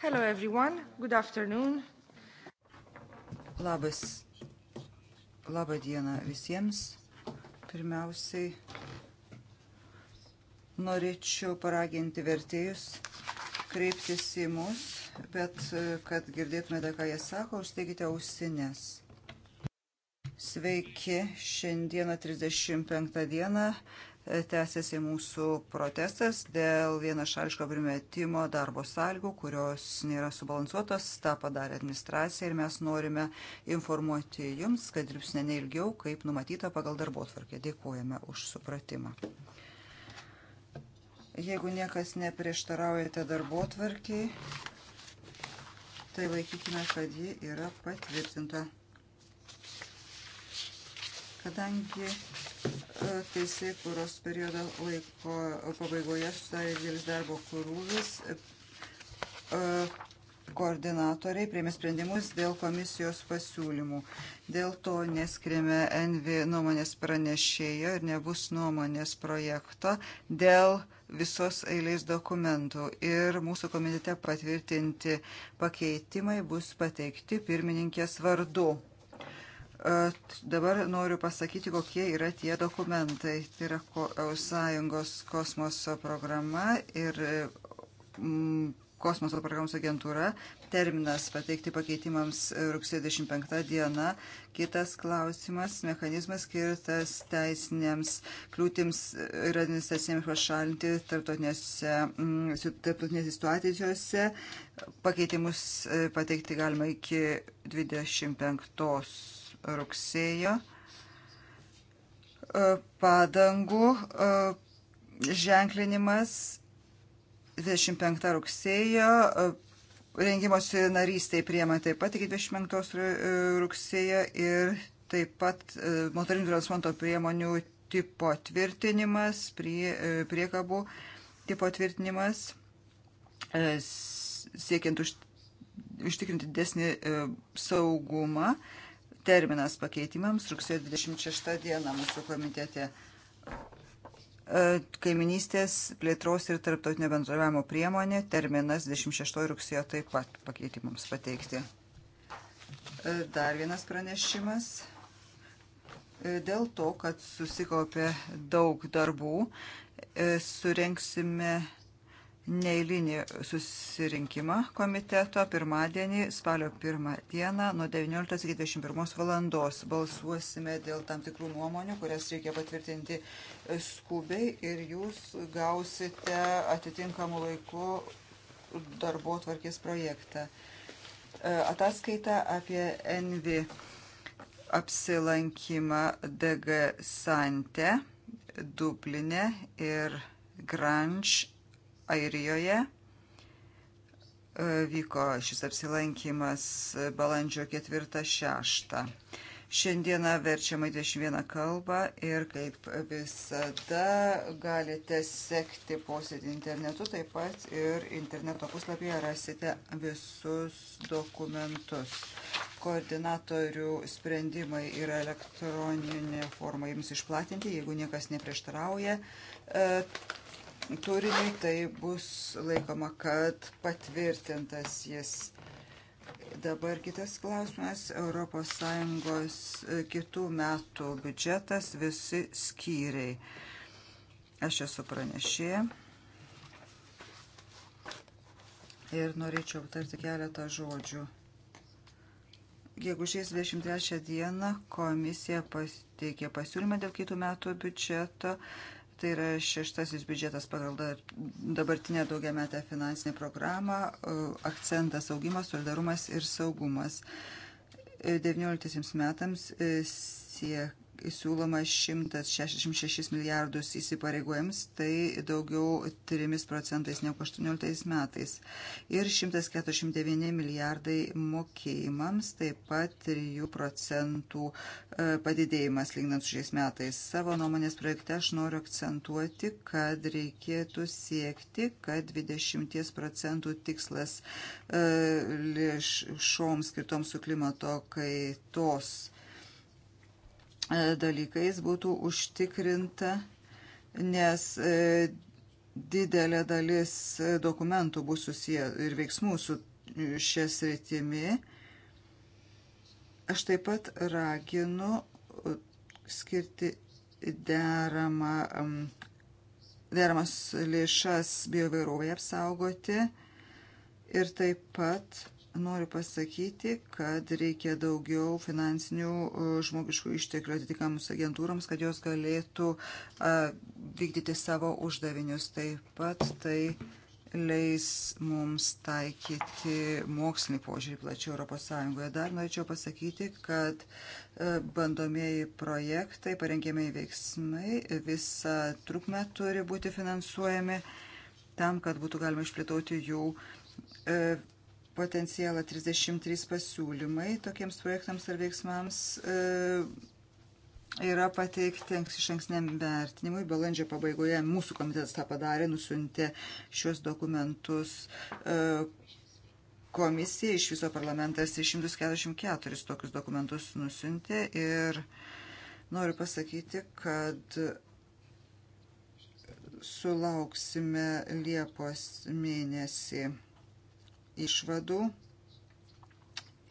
Hello everyone, good afternoon. Labas, laba diena visiems. Pirmiausiai norėčiau paraginti vertėjus kreiptis į mus, bet e, kad girdėtumėte, ką jie sako, užsteikite ausinės. Sveiki, šiandieną 35 dieną tęsiasi mūsų protestas dėl vienašališko primetimo darbo sąlygų, kurios nėra subalansuotos. Ta padarė administracija ir mes norime informuoti Jums, kad dirbsime ne ilgiau, kaip numatyta pagal darbo tvarkę. Dėkojame už supratimą. Jeigu niekas neprieštaraujate darbo tvarkiai, tai laikykime, kad ji yra patvirtinta. Kadangi teisėjai kuros periodo laiko pabaigoje susidarė didelis darbo krūvis. E, koordinatoriai priėmė sprendimus dėl komisijos pasiūlymų. Dėl to neskiriame Envi nuomonės pranešėjo ir nebus nuomonės projekto dėl visos eilės dokumentų. Ir mūsų komitete patvirtinti pakeitimai bus pateikti pirmininkės vardu. Dabar noriu pasakyti, kokie yra tie dokumentai. Tai yra Sąjungos kosmoso programa ir mm, kosmoso programos agentūra. Terminas pateikti pakeitimams rugsėjo 25 diena. Kitas klausimas - mechanizmas skirtas teisinėms kliūtims ir administracinėms pašalinti tarptautinėse mm, situacijose. Pakeitimus e, pateikti galima iki 25 rugsėjo e, padangų e, ženklinimas 25 rugsėjo e, rengimosi narystai priema taip pat iki 25 rugsėjo ir taip pat motorinių transporto priemonių tipo tvirtinimas, prie, priekabų tipo tvirtinimas, siekiant už, užtikrinti didesnį saugumą terminas pakeitimams rugsėjo 26 diena mūsų komitete. E, kaiminystės plėtros ir tarptautinio bendravimo priemonė, terminas 26 rugsėjo taip pat pakeitimams pateikti. E, dar vienas pranešimas. E, dėl to, kad susikaupė daug darbų, surenksime neįlinį susirinkimą komiteto pirmadienį, spalio pirmą dieną nuo 19 iki 21 valandos. Balsuosime dėl tam tikrų nuomonių, kurias reikia patvirtinti skubiai ir jūs gausite atitinkamų laikų darbo tvarkės projektą. E, ataskaita apie Envi apsilankymą DG Sante, Dubline ir Grange Airijoje. E, vyko šis apsilankimas e, balandžio 4-6. Šiandieną verčiama 21 kalbą ir kaip visada galite sekti posėdį internetu, taip pat ir interneto puslapyje rasite visus dokumentus koordinatorių sprendimai yra elektroninė forma jums išplatinti, jeigu niekas neprieštarauja. E, turiniui, tai bus laikoma, kad patvirtintas jis. Dabar kitas klausimas - ES kitų metų biudžetas visi skyriai. Aš esu pranešėja ir norėčiau aptarti keletą žodžių. Gegužės 23 dieną komisija pateikė pasiūlymą dėl kitų metų biudžeto Tai yra šeštasis biudžetas pagal dabartinę daugiametę finansinę programą, akcentas augimas, solidarumas ir saugumas. 19 e, metams e, siek siūloma 166 milijardus įsipareigojams, tai daugiau 3 procentais negu 18 metais. Ir 149 milijardai mokėjimams, taip pat 3 procentų e, padidėjimas lygnant su šiais metais. Savo nuomonės projekte aš noriu akcentuoti, kad reikėtų siekti, kad 20 procentų tikslas e, lėšoms skirtoms su klimato kaitos E, dalykais būtų užtikrinta, nes e, didelė dalis dokumentų bus susiję ir veiksmų su e, šia sritimi. Aš taip pat raginu skirti deramą, deramas lėšas biovairovai apsaugoti ir taip pat noriu pasakyti, kad reikia daugiau finansinių e, žmogiškų išteklių atitikamus agentūroms, kad jos galėtų e, vykdyti savo uždavinius. Taip pat tai leis mums taikyti mokslinį požiūrį plačiau ES. Dar norėčiau pasakyti, kad e, bandomieji projektai, parengėmiai veiksmai visą trukmę turi būti finansuojami tam, kad būtų galima išplėtoti jų potencialą 33 pasiūlymai tokiems projektams ar veiksmams e, yra pateikti iš anksniam vertinimui. Balandžio pabaigoje mūsų komitetas tą padarė, nusintė šios dokumentus e, komisija, iš viso parlamentas 144 tokius dokumentus nusintė ir noriu pasakyti, kad sulauksime Liepos mėnesį išvadų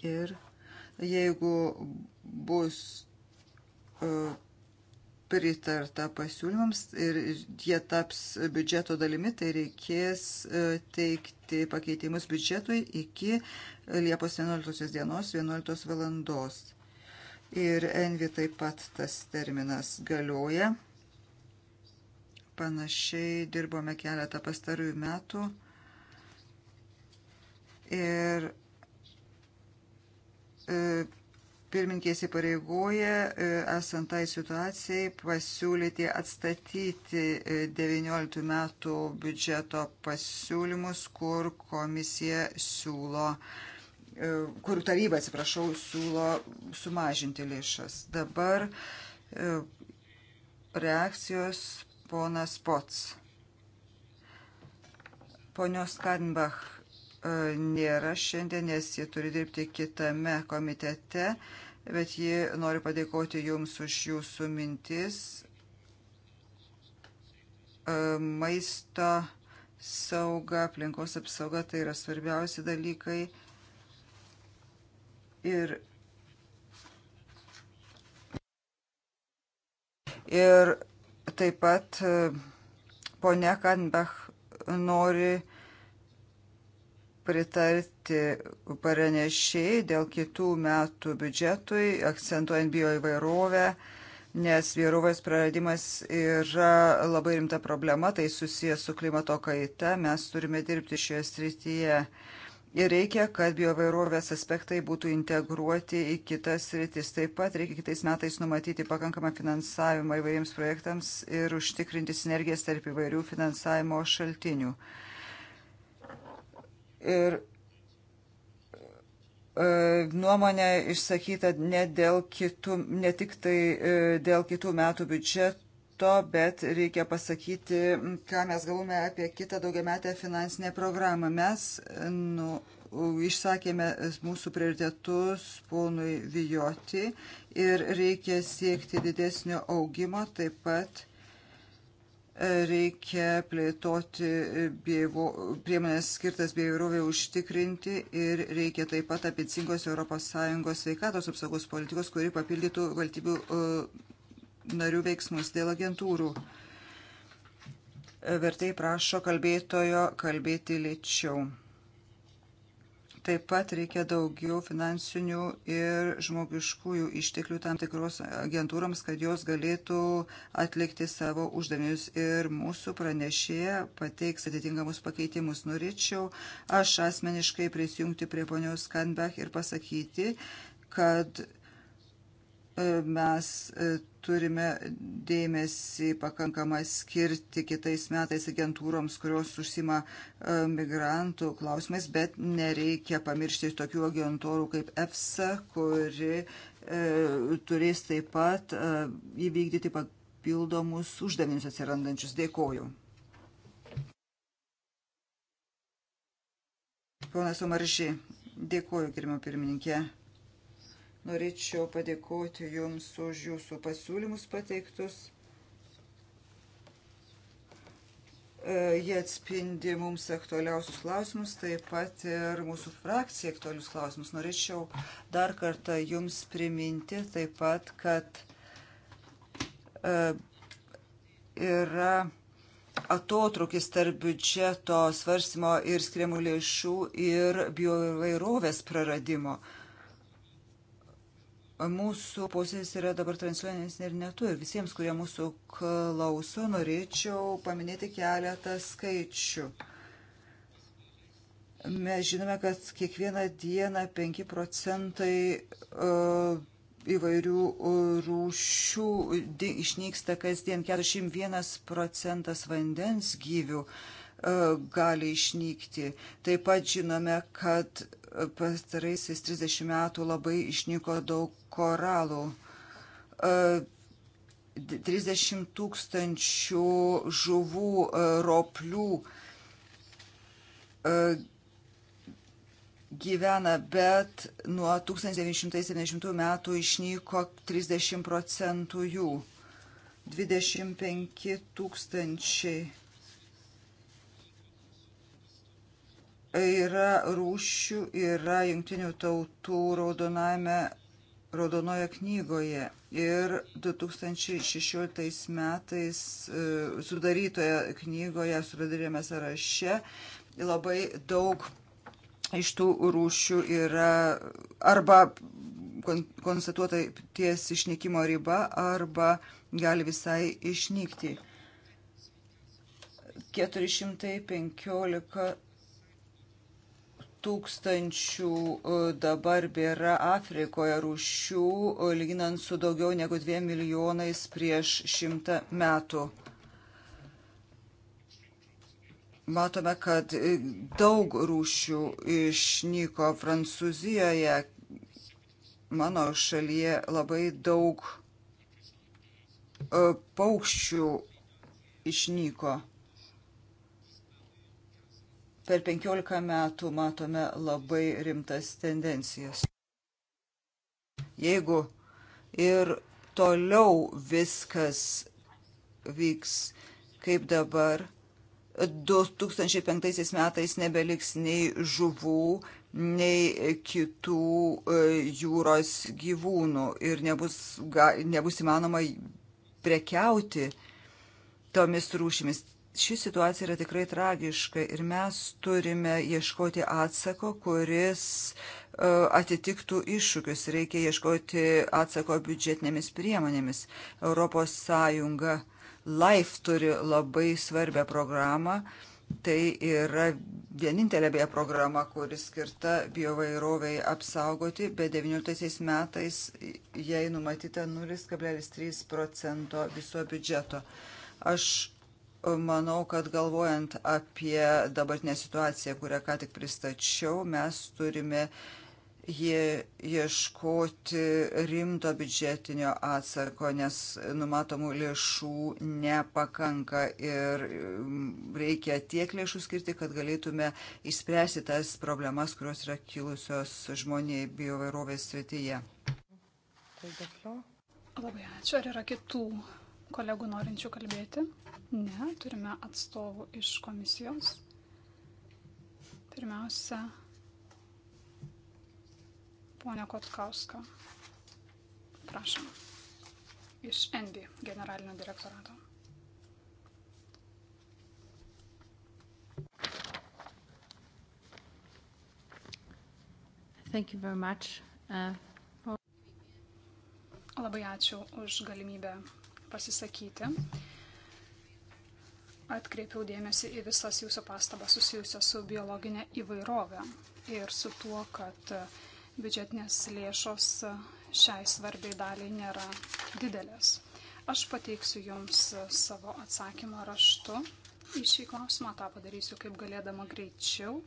ir jeigu bus e, pritarta pasiūlymams ir jie taps biudžeto dalimi, tai reikės e, teikti pakeitimus biudžetui iki Liepos 11 dienos 11 valandos. Ir Envi taip pat tas terminas galioja. Panašiai dirbome keletą pastarųjų metų ir e, pirminkės įpareigoja, e, esant tai situacijai, pasiūlyti atstatyti 19 e, metų biudžeto pasiūlymus, kur komisija siūlo, kur taryba, atsiprašau, siūlo sumažinti lėšas. Dabar reakcijos ponas Pots. Ponios Kadenbach E, nėra šiandien, nes ji turi dirbti kitame komitete, bet ji nori padėkoti Jums už Jūsų mintis e, maisto sauga, aplinkos apsauga tai yra svarbiausi dalykai. Ir Ir taip pat e, ponia Kanbach nori pritarti paranešėjai dėl kitų metų biudžetui, akcentuojant bioįvairovę, nes bioįvairovės praradimas yra labai rimta problema, tai susijęs su klimato kaita, mes turime dirbti šioje srityje. Ir reikia, kad biovairovės aspektai būtų integruoti į kitas rytis. Taip pat reikia kitais metais numatyti pakankamą finansavimą įvairiems projektams ir užtikrinti sinergijas tarp įvairių finansavimo šaltinių ir e, nuomonė išsakyta ne, dėl kitų, ne tik tai e, dėl kitų metų biudžetų to, bet reikia pasakyti, ką mes galvome apie kitą daugiametę finansinę programą. Mes nu, išsakėme mūsų prioritetus ponui Vijoti ir reikia siekti didesnio augimo, taip pat reikia plėtoti bėvo, priemonės skirtas bioįvairovė užtikrinti ir reikia taip pat apicingos ES sveikatos apsaugos politikos, kuri papildytų valstybių e, narių veiksmus dėl agentūrų. Vertai prašo kalbėtojo kalbėti lėčiau. Taip pat reikia daugiau finansinių ir žmogiškųjų išteklių tam tikros agentūroms, kad jos galėtų atlikti savo uždavinius. Ir mūsų pranešėja pateiks atitinkamus pakeitimus. Norėčiau aš asmeniškai prisijungti prie ponios Kanbach ir pasakyti, kad mes e, turime dėmesį pakankamą skirti kitais metais agentūroms, kurios užsima e, migrantų klausimais, bet nereikia pamiršti tokių agentūrų kaip EFSA, kuri e, turės taip pat įvykdyti papildomus uždavinius atsirandančius. Dėkoju. Ponas Omaržiai, dėkoju, gerimo pirmininkė. Norėčiau padėkoti Jums už Jūsų pasiūlymus pateiktus. E, jie atspindi mums aktualiausius klausimus, taip pat ir mūsų frakcija aktualius klausimus. Norėčiau dar kartą Jums priminti taip pat, kad e, yra atotrukis tarp biudžeto svarstymo ir skiriamų lėšų ir bioįvairovės praradimo. Uh, Mūsų posėdis yra dabar transliuojamas internetu ir visiems, kurie mūsų klauso, norėčiau paminėti keletą skaičių. Mes žinome, kad kiekvieną dieną 5 procentai e, įvairių rūšių išnyksta kasdien. 41 procentas vandens gyvių e, gali išnykti. Taip pat žinome, kad pastaraisiais 30 metų labai išnyko daug koralų. 30 e, tūkstančių žuvų, e, roplių e, gyvena, bet nuo 1970 metų išnyko 30 procentų jų. 25 tūkstančiai yra rūšių, yra jungtinių tautų raudoname, raudonoje knygoje. Ir 2016 metais e, sudarytoje knygoje, sudarėme sąraše, labai daug iš tų rūšių yra arba konstatuota ties išnykimo riba, arba gali visai išnykti. 415 tūkstančių e, dabar bėra Afrikoje rūšių, e, lyginant su daugiau negu 2 milijonais prieš šimtą metų. Matome, kad e, daug rūšių išnyko Prancūzijoje, mano šalyje labai daug paukščių išnyko per 15 metų matome labai rimtas tendencijas. Jeigu ir toliau viskas vyks kaip dabar, 2005 metais nebeliks nei žuvų, nei kitų e, jūros gyvūnų ir nebus, nebus įmanoma prekiauti tomis rūšimis ši situacija yra tikrai tragiška ir mes turime ieškoti atsako, kuris e, atitiktų iššūkius. Reikia ieškoti atsako biudžetinėmis priemonėmis. ES LIFE turi labai svarbę programą. Tai yra vienintelė beje programa, kuri skirta biovairoviai apsaugoti, bet 19 metais jai numatyta 0,3 procento viso biudžeto. Aš manau, kad galvojant apie dabartinę situaciją, kurią ką tik pristačiau, mes turime jie ieškoti rimto biudžetinio atsako, nes numatomų lėšų nepakanka ir mm, reikia tiek lėšų skirti, kad galėtume išspręsti tas problemas, kurios yra kilusios žmoniai biovairovės srityje. Labai ačiū. Ar yra kitų kolegų norinčių kalbėti? Ne, turime atstovų iš komisijos. Pirmiausia, ponia Kotkauska. Prašom. Iš Envy generalinio direktorato. Thank you very much. Uh, for... Labai ačiū už galimybę pasisakyti. Atkreipiau dėmesį į visas jūsų pastabas susijusias su biologinė įvairovė ir su tuo, kad biudžetinės lėšos šiai svarbiai daliai nėra didelės. Aš pateiksiu Jums savo atsakymą raštu į šį klausimą, tą padarysiu kaip galėdama greičiau.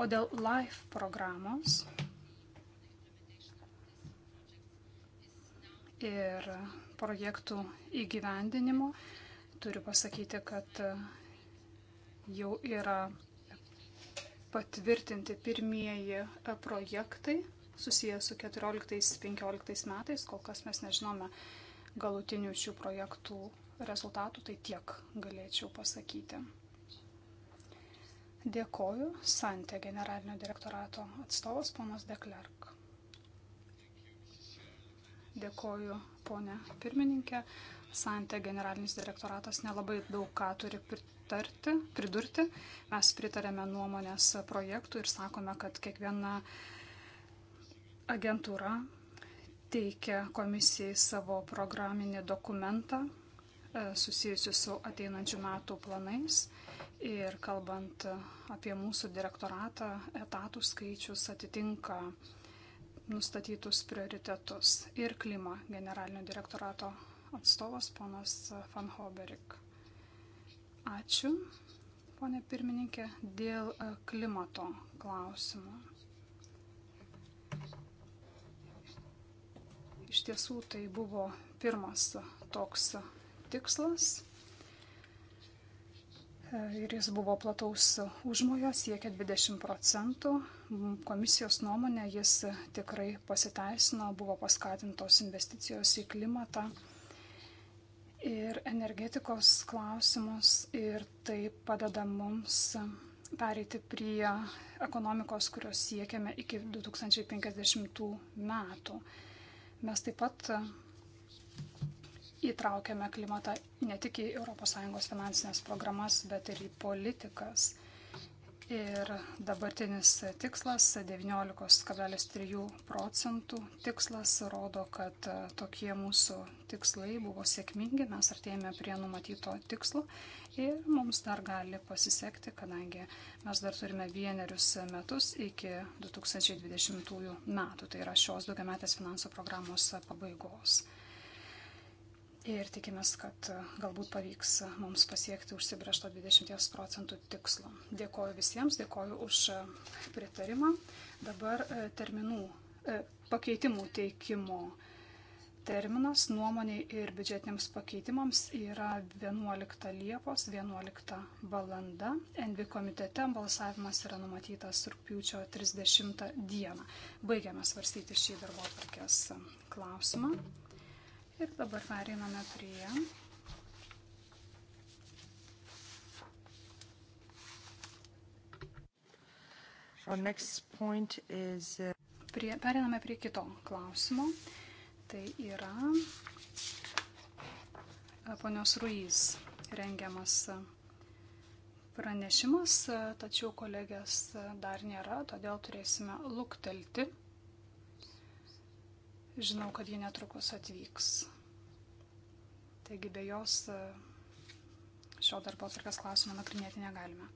O dėl LIFE programos ir projektų įgyvendinimo. Turiu pasakyti, kad e, jau yra patvirtinti pirmieji e, projektai susijęs su 14-15 metais. Kol kas mes nežinome galutinių šių projektų rezultatų, tai tiek galėčiau pasakyti. Dėkoju Santė generalinio direktorato atstovas ponas Deklerk. Dėkoju, ponė pirmininkė. Santė generalinis direktoratas nelabai daug ką turi pritarti, pridurti. Mes pritarėme nuomonės projektų ir sakome, kad kiekviena agentūra teikia komisijai savo programinį dokumentą e, susijusiu su ateinančių metų planais. Ir kalbant apie mūsų direktoratą, etatų skaičius atitinka uh, nustatytus prioritetus. Ir klima generalinio direktorato atstovas ponas Van Hoberik. Ačiū, ponė pirmininkė, dėl e, klimato klausimų. Iš tiesų tai buvo pirmas toks tikslas ir jis buvo plataus užmojo, siekia 20 procentų. Komisijos nuomonė jis tikrai pasiteisino, buvo paskatintos investicijos į klimatą ir energetikos klausimus ir tai padeda mums pereiti prie ekonomikos, kurios siekiame iki 2050 metų. Mes taip pat įtraukiame klimatą ne tik į ES finansinės programas, bet ir į politikas. Ir dabartinis tikslas 19,3 procentų tikslas rodo, kad tokie mūsų tikslai buvo sėkmingi, mes artėjame prie numatyto tikslo ir mums dar gali pasisekti, kadangi mes dar turime vienerius metus iki 2020 metų, tai yra šios daugiametės finansų programos pabaigos ir tikimės, kad e, galbūt pavyks e, mums pasiekti užsibriežto 20 procentų tikslo. Dėkoju visiems, dėkoju už e, pritarimą. Dabar terminų, pakeitimų teikimo terminas nuomoniai ir biudžetiniams pakeitimams yra 11 Liepos 11 valanda. NV komitete balsavimas yra numatytas rūpiučio 30 dieną. Baigiame svarstyti šį darbo atvarkės klausimą. Ir dabar pereiname prie Is... Uh, prie, periname prie kito klausimo. Tai yra ponios Ruiz rengiamas pranešimas, tačiau kolegės dar nėra, todėl turėsime luktelti Žinau, kad ji netrukus atvyks. Taigi be jos e, šio darbo atvarkas klausimą nagrinėti negalime.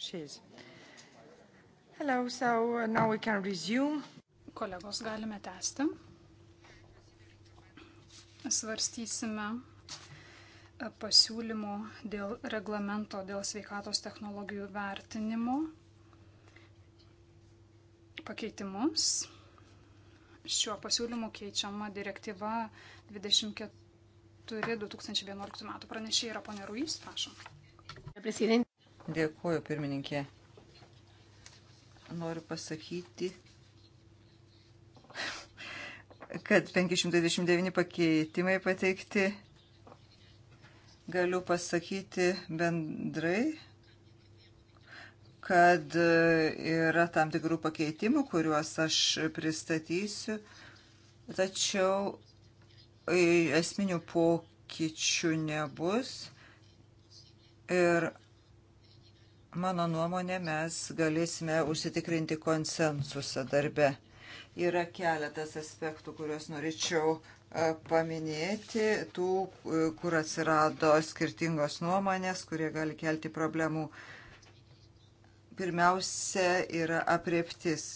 she is. Hello, so uh, now we can resume. Kolegos, galime tęsti. Svarstysime e, pasiūlymų dėl reglamento dėl sveikatos technologijų vertinimo pakeitimus. Šiuo pasiūlymu keičiama direktyva 24 2011 metų. Pranešė yra ponė Ruiz, prašom. Dėkuoju, pirmininkė. Noriu pasakyti, kad 529 pakeitimai pateikti. Galiu pasakyti bendrai, kad yra tam tikrų pakeitimų, kuriuos aš pristatysiu, tačiau e, esminių pokyčių nebus. Ir Mano nuomonė, mes galėsime užsitikrinti konsensusą darbe. Yra keletas aspektų, kuriuos norėčiau e, paminėti, tų, e, kur atsirado skirtingos nuomonės, kurie gali kelti problemų. Pirmiausia yra apriptis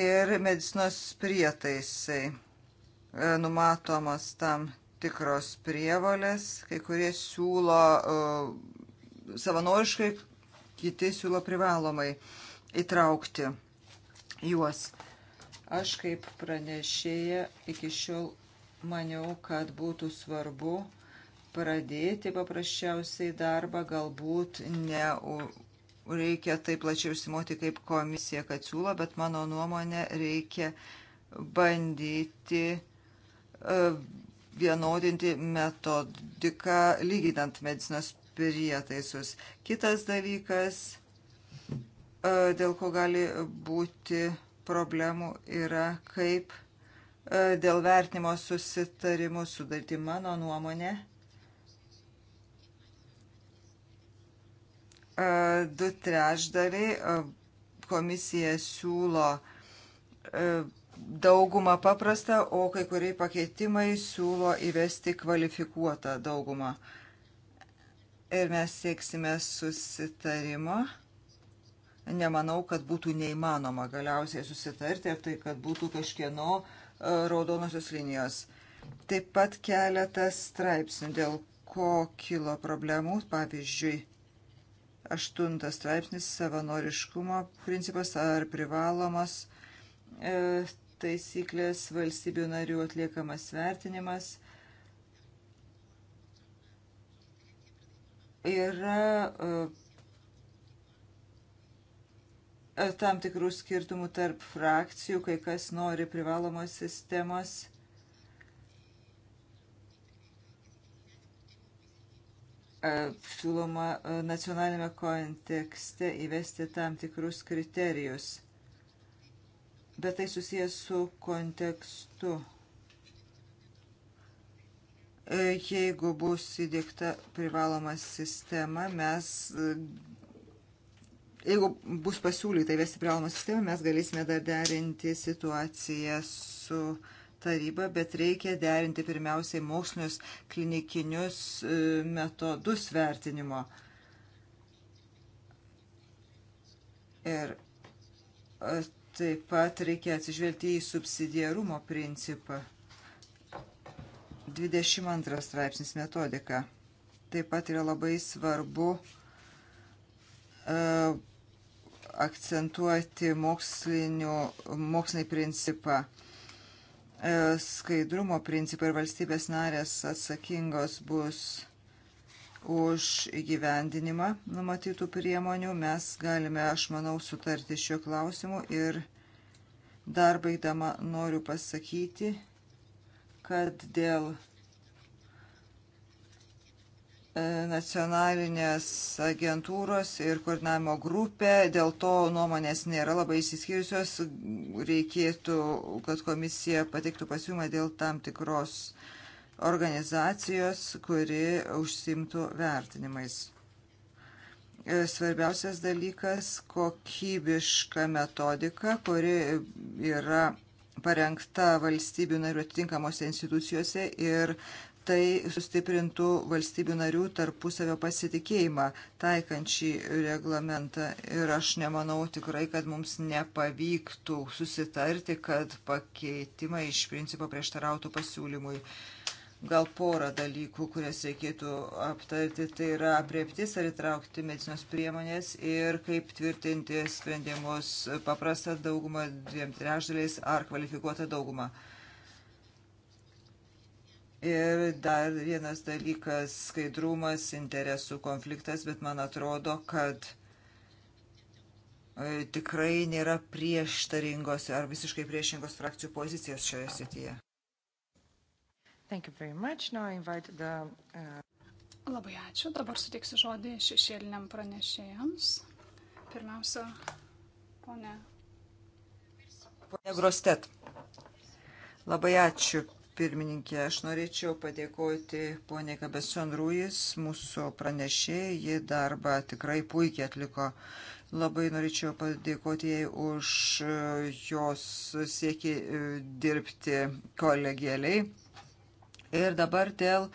ir medicinos prietaisai. E, Numatomas tam tikros prievolės, kai kurie siūlo uh, savanoriškai, kiti siūlo privalomai įtraukti juos. Aš kaip pranešėja iki šiol maniau, kad būtų svarbu pradėti paprasčiausiai darbą, galbūt ne reikia taip plačiai užsimoti, kaip komisija, kad siūlo, bet mano nuomonė reikia bandyti e, vienodinti metodiką lyginant medicinos prietaisus. Kitas dalykas, e, dėl ko gali būti problemų, yra kaip e, dėl vertinimo susitarimų sudaryti mano nuomonė. 2 e, trešdaliai komisija siūlo daugumą paprastą, o kai kuriai pakeitimai siūlo įvesti kvalifikuotą daugumą. Uh, ir mes sieksime susitarimo. Nemanau, kad būtų neįmanoma galiausiai susitarti, ar tai, kad būtų kažkieno e, raudonosios linijos. Taip pat keletas straipsnių, dėl ko kilo problemų, pavyzdžiui, aštuntas straipsnis savanoriškumo principas ar privalomas e, taisyklės valstybių narių atliekamas vertinimas – Yra e, tam tikrų skirtumų tarp frakcijų, kai kas nori privalomos sistemos. E, siūloma e, nacionalinėme kontekste įvesti tam tikrus kriterijus. Bet tai susijęs su kontekstu. E, jeigu bus įdėkta privaloma sistema, mes, e, jeigu bus pasiūlyta įvesti privalomą sistemą, mes galėsime dar derinti situaciją su taryba, bet reikia derinti pirmiausiai mokslinius klinikinius e, metodus vertinimo. Ir taip pat reikia atsižvelgti į subsidiarumo principą. 22 straipsnis metodika. Taip pat yra labai svarbu uh, akcentuoti mokslinį principą, uh, skaidrumo principą ir valstybės narės atsakingos bus už įgyvendinimą numatytų priemonių. Mes galime, aš manau, sutarti šiuo klausimu ir dar baigdama noriu pasakyti, kad dėl e, nacionalinės agentūros ir koordinavimo grupė, dėl to nuomonės nėra labai įsiskyrusios, reikėtų, kad komisija pateiktų pasiūlymą dėl tam tikros organizacijos, kuri užsimtų vertinimais e, svarbiausias dalykas - kokybiška metodika, kuri yra parengta valstybių narių atitinkamose institucijose ir tai sustiprintų valstybių narių tarpusavio pasitikėjimą taikant šį reglamentą. Ir aš nemanau tikrai, kad mums nepavyktų susitarti, kad pakeitimai iš principo prieštarautų pasiūlymui gal porą dalykų, kurias reikėtų aptarti. Tai yra apriektis ar įtraukti medicinos priemonės ir kaip tvirtinti sprendimus paprastą daugumą dviem trešdaliais ar kvalifikuotą daugumą. Ir dar vienas dalykas - skaidrumas, interesų konfliktas, bet man atrodo, kad e, tikrai nėra prieštaringos ar visiškai priešingos frakcijų pozicijos šioje srityje. Thank you very much. Now I invite the. Uh... Labai ačiū. Dabar suteiksiu žodį šešėliniam pranešėjams. Pirmiausia, ponė. Ponė Grostet. Labai ačiū, pirmininkė. Aš norėčiau padėkoti ponė Kabeson Ruijas, mūsų pranešėjai. Ji darbą tikrai puikiai atliko. Labai norėčiau padėkoti jai už jos siekį e, dirbti kolegialiai Ir dabar dėl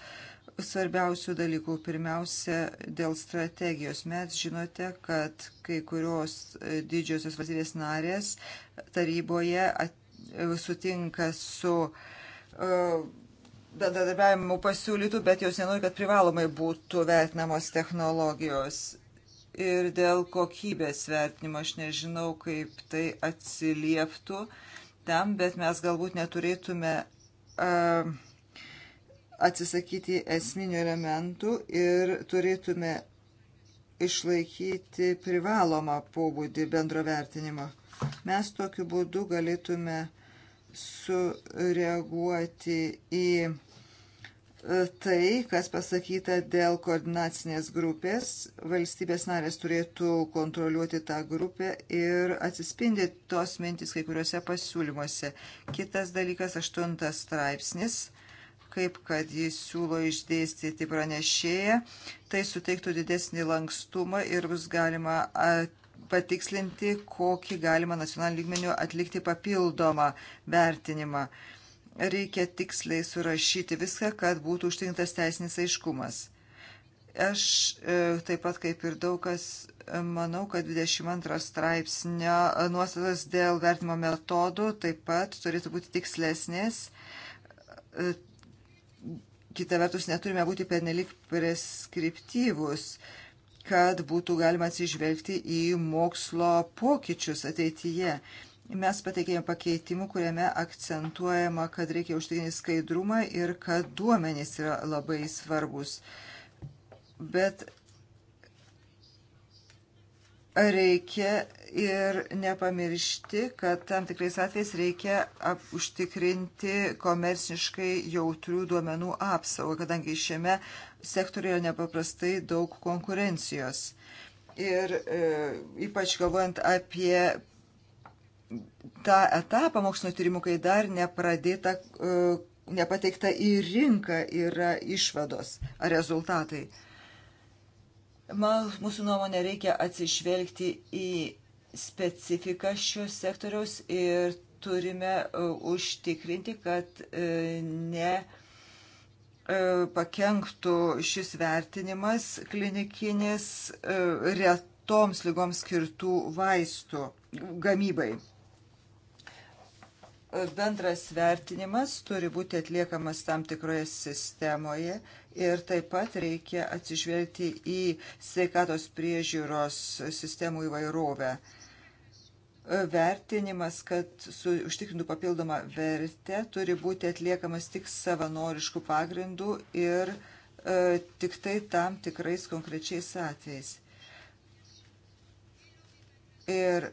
svarbiausių dalykų. Pirmiausia, dėl strategijos. Mes žinote, kad kai kurios e, didžiosios valstybės narės taryboje at, e, sutinka su uh, bendradarbiavimu pasiūlytų, bet jos nenori, kad privalomai būtų vertinamos technologijos. Ir dėl kokybės vertinimo aš nežinau, kaip tai atsilieptų tam, bet mes galbūt neturėtume uh, atsisakyti esminių elementų ir turėtume išlaikyti privalomą pobūdį bendro vertinimo. Mes tokiu būdu galėtume sureaguoti į e, tai, kas pasakyta dėl koordinacinės grupės. Valstybės narės turėtų kontroliuoti tą grupę ir atsispindi tos mintis kai kuriuose pasiūlymuose. Kitas dalykas, aštuntas straipsnis kaip kad jis siūlo išdėstyti pranešėją, tai suteiktų didesnį lankstumą ir bus galima patikslinti, kokį galima nacionaliniu lygmeniu atlikti papildomą vertinimą. Reikia tiksliai surašyti viską, kad būtų užtikrintas teisinis aiškumas. Aš e, taip pat kaip ir daug kas e, manau, kad 22 straipsnio e, nuostatas dėl vertimo metodų taip pat turėtų būti tikslesnės kita vertus neturime būti pernelik preskriptyvus, kad būtų galima atsižvelgti į mokslo pokyčius ateityje. Mes pateikėme pakeitimų, kuriame akcentuojama, kad reikia užtikrinti skaidrumą ir kad duomenys yra labai svarbus. Bet reikia ir nepamiršti, kad tam tikrais atvejais reikia ap, užtikrinti komerciškai jautrių duomenų apsaugą, kadangi šiame sektorijoje nepaprastai daug konkurencijos. Ir e, ypač galvojant apie tą etapą mokslinio tyrimų, kai dar nepradėta, e, nepateikta į rinką yra išvados ar rezultatai. Mal, mūsų nuomonė reikia atsižvelgti į specifiką šios sektoriaus ir turime e, užtikrinti, kad e, ne e, pakenktų šis vertinimas klinikinis retoms lygoms skirtų vaistų gamybai. Bendras vertinimas turi būti atliekamas tam tikroje sistemoje ir taip pat reikia atsižvelgti į sveikatos priežiūros sistemų įvairovę vertinimas, kad su, užtikrintų papildomą vertę, turi būti atliekamas tik savanoriškų pagrindų ir e, tik tai tam tikrais konkrečiais atvejais. Ir